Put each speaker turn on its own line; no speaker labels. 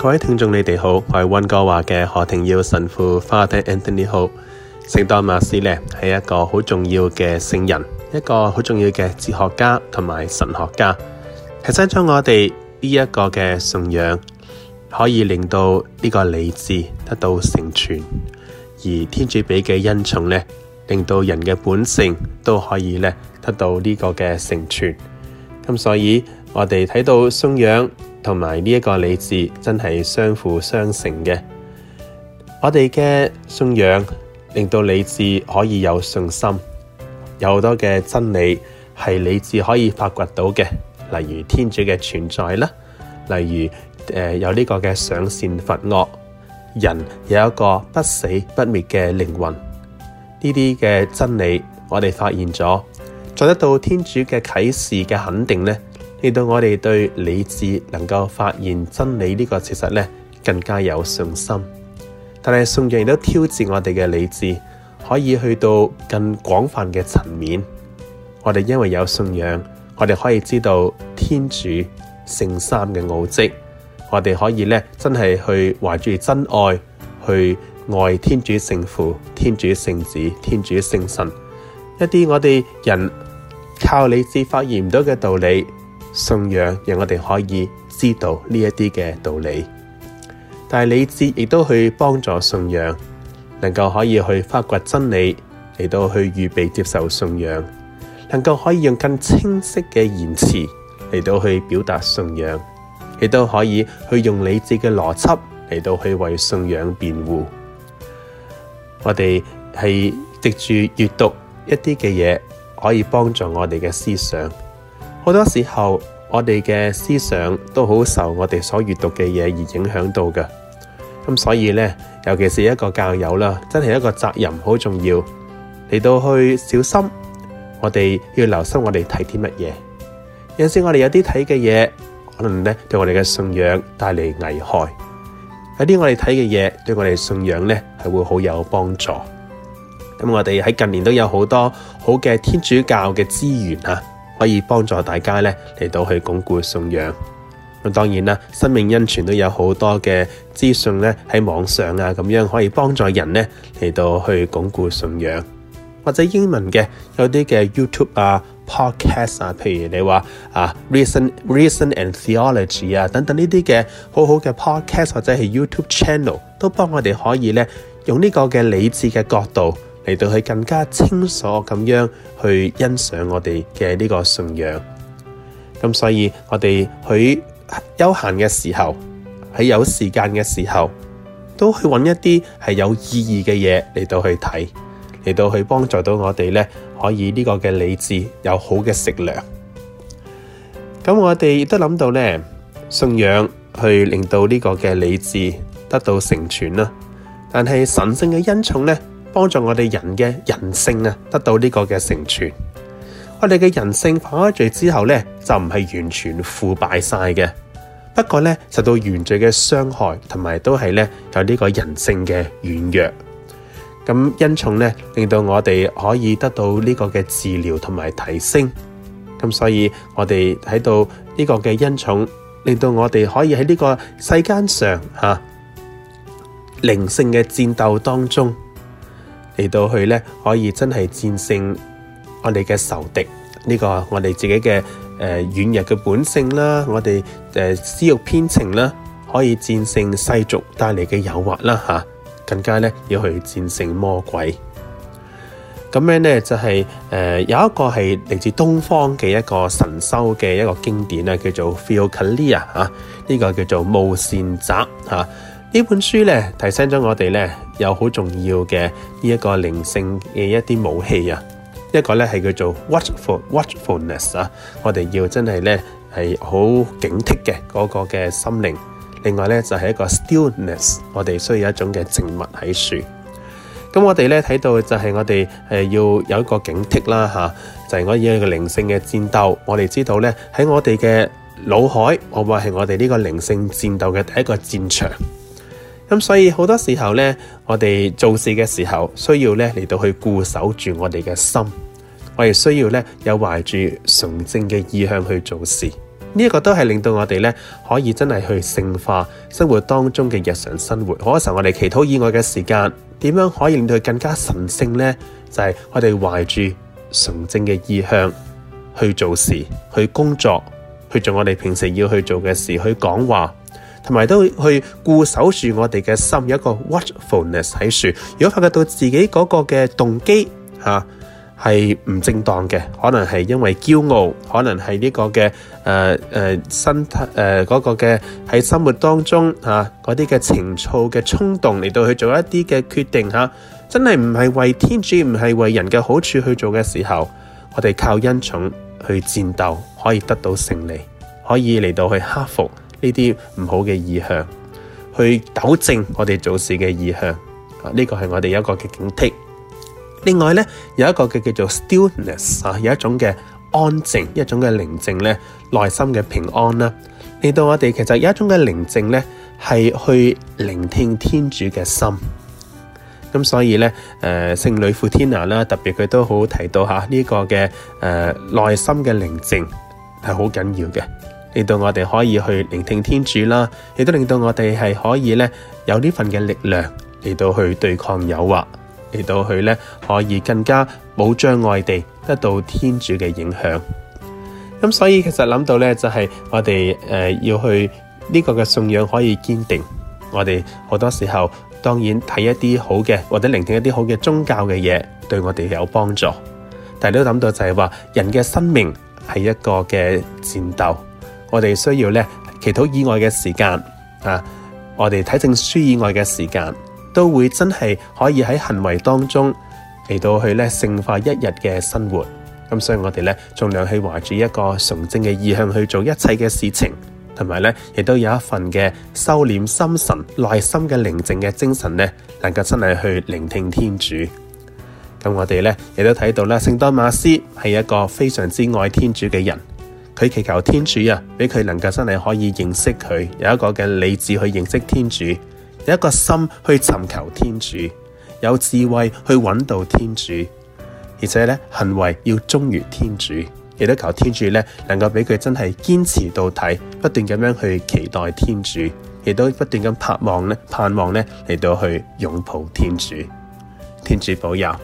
各位聽眾，你哋好，我係溫哥華嘅何庭耀神父 Father Anthony。好，聖多馬斯咧係一個好重要嘅聖人，一個好重要嘅哲學家同埋神學家，提醒咗將我哋呢一個嘅信仰可以令到呢個理智得到成全，而天主俾嘅恩寵呢，令到人嘅本性都可以呢得到呢個嘅成全。咁所以我哋睇到信仰，同埋呢一個理智真係相輔相成嘅，我哋嘅信仰令到理智可以有信心，有好多嘅真理係理智可以發掘到嘅，例如天主嘅存在啦，例如、呃、有呢個嘅賞善罰惡，人有一個不死不滅嘅靈魂，呢啲嘅真理我哋發現咗，再得到天主嘅啟示嘅肯定呢。令到我哋對理智能夠發現真理呢個事實咧，更加有信心。但係信仰亦都挑戰我哋嘅理智，可以去到更廣泛嘅層面。我哋因為有信仰，我哋可以知道天主聖三嘅奧跡。我哋可以咧真係去懷住真愛去愛天主聖父、天主聖子、天主聖神，一啲我哋人靠理智發現唔到嘅道理。信仰讓我哋可以知道呢一啲嘅道理，但係理智亦都去幫助信仰，能夠可以去發掘真理，嚟到去預備接受信仰，能夠可以用更清晰嘅言辭嚟到去表達信仰，亦都可以去用理智嘅邏輯嚟到去為信仰辯護。我哋係藉住閱讀一啲嘅嘢，可以幫助我哋嘅思想。好多時候，我哋嘅思想都好受我哋所閱讀嘅嘢而影響到嘅。咁所以呢，尤其是一個教友啦，真係一個責任好重要。嚟到去小心，我哋要留心我哋睇啲乜嘢。有陣時我哋有啲睇嘅嘢，可能呢對我哋嘅信仰帶嚟危害。有啲我哋睇嘅嘢，對我哋信仰呢係會好有幫助。咁我哋喺近年都有好多好嘅天主教嘅資源啊！可以幫助大家咧嚟到去鞏固信仰。咁當然啦，生命恩泉都有好多嘅資訊咧喺網上啊，咁樣可以幫助人咧嚟到去鞏固信仰。或者英文嘅有啲嘅 YouTube 啊、Podcast 啊，譬如你話啊 Reason、Reason and Theology 啊等等呢啲嘅好好嘅 Podcast 或者係 YouTube Channel 都幫我哋可以咧用呢個嘅理智嘅角度。嚟到去更加清楚咁樣去欣賞我哋嘅呢個信仰。咁所以，我哋去休閒嘅時候，喺有時間嘅時候，都去揾一啲係有意義嘅嘢，嚟到去睇，嚟到去幫助到我哋咧，可以呢個嘅理智有好嘅食糧。咁我哋亦都諗到咧，信仰去令到呢個嘅理智得到成全啦。但係神聖嘅恩寵咧，幫助我哋人嘅人性啊，得到呢個嘅成全。我哋嘅人性犯咗罪之後呢，就唔係完全腐敗晒嘅，不過呢，受到原罪嘅傷害，同埋都係呢有呢個人性嘅軟弱。咁恩寵呢，令到我哋可以得到呢個嘅治療同埋提升。咁所以我哋睇到呢個嘅恩寵，令到我哋可以喺呢個世間上吓、啊、靈性嘅戰鬥當中，嚟到去咧，可以真係戰勝我哋嘅仇敵呢、這個我哋自己嘅誒軟弱嘅本性啦，我哋誒、呃、私欲偏情啦，可以戰勝世俗帶嚟嘅誘惑啦吓、啊，更加咧要去戰勝魔鬼。咁樣咧就係、是、誒、呃、有一個係嚟自東方嘅一個神修嘅一個經典咧，叫做《Philokalia》啊，呢、這個叫做《慕善集》啊，呢本書咧提醒咗我哋咧。有好重要嘅呢、這個、一個靈性嘅一啲武器啊，一個呢係叫做 watchful watchfulness 啊，我哋要真係呢係好警惕嘅嗰、那個嘅心靈。另外呢，就係、是、一個 stillness，我哋需要一種嘅靜物喺處。咁我哋呢睇到就係我哋誒要有一個警惕啦吓、啊，就係、是、我要一個靈性嘅戰鬥。我哋知道呢，喺我哋嘅腦海，往往係我哋呢個靈性戰鬥嘅第一個戰場。咁、嗯、所以好多時候呢，我哋做事嘅時候需要呢，嚟到去固守住我哋嘅心，我哋需要呢，有懷住純正嘅意向去做事，呢、這、一個都係令到我哋呢，可以真係去聖化生活當中嘅日常生活。好多時候我哋祈禱以外嘅時間，點樣可以令到更加神聖呢？就係、是、我哋懷住純正嘅意向去做事、去工作、去做我哋平時要去做嘅事、去講話。同埋都去固守住我哋嘅心，有一個 watchfulness 喺樹，如果發覺到自己嗰個嘅動機吓係唔正當嘅，可能係因為驕傲，可能係呢個嘅誒誒身體誒嗰個嘅喺生活當中吓嗰啲嘅情操嘅衝動嚟到去做一啲嘅決定吓、啊，真係唔係為天主唔係為人嘅好處去做嘅時候，我哋靠恩寵去戰鬥可以得到勝利，可以嚟到去克服。呢啲唔好嘅意向，去糾正我哋做事嘅意向，啊呢個係我哋一個嘅警惕。另外呢，有一個嘅叫做 Stillness 啊，有一種嘅安靜，一種嘅寧靜咧，內心嘅平安啦。嚟、啊、到我哋其實有一種嘅寧靜呢係去聆聽天主嘅心。咁所以呢，誒、呃、聖女傅天娜啦，特別佢都好提到吓呢、啊這個嘅誒內心嘅寧靜係好緊要嘅。令到我哋可以去聆聽天主啦，亦都令到我哋係可以咧有呢份嘅力量嚟到去對抗誘惑，嚟到去咧可以更加冇障礙地得到天主嘅影響。咁、嗯、所以其實諗到咧就係、是、我哋誒、呃、要去呢個嘅信仰可以堅定我哋好多時候，當然睇一啲好嘅或者聆聽一啲好嘅宗教嘅嘢對我哋有幫助，但係都諗到就係話人嘅生命係一個嘅戰鬥。我哋需要咧祈禱以外嘅時間啊，我哋睇正書以外嘅時間，都會真係可以喺行為當中嚟到去咧聖化一日嘅生活。咁所以我哋咧盡量去懷住一個純正嘅意向去做一切嘅事情，同埋咧亦都有一份嘅收斂心神、內心嘅寧靜嘅精神咧，能夠真係去聆聽天主。咁我哋咧亦都睇到咧聖多馬斯係一個非常之愛天主嘅人。佢祈求天主啊，俾佢能夠真係可以認識佢，有一個嘅理智去認識天主，有一個心去尋求天主，有智慧去揾到天主，而且咧行為要忠於天主。亦都求天主咧，能夠俾佢真係堅持到底，不斷咁樣去期待天主，亦都不斷咁盼望咧，盼望咧嚟到去擁抱天主。天主保佑。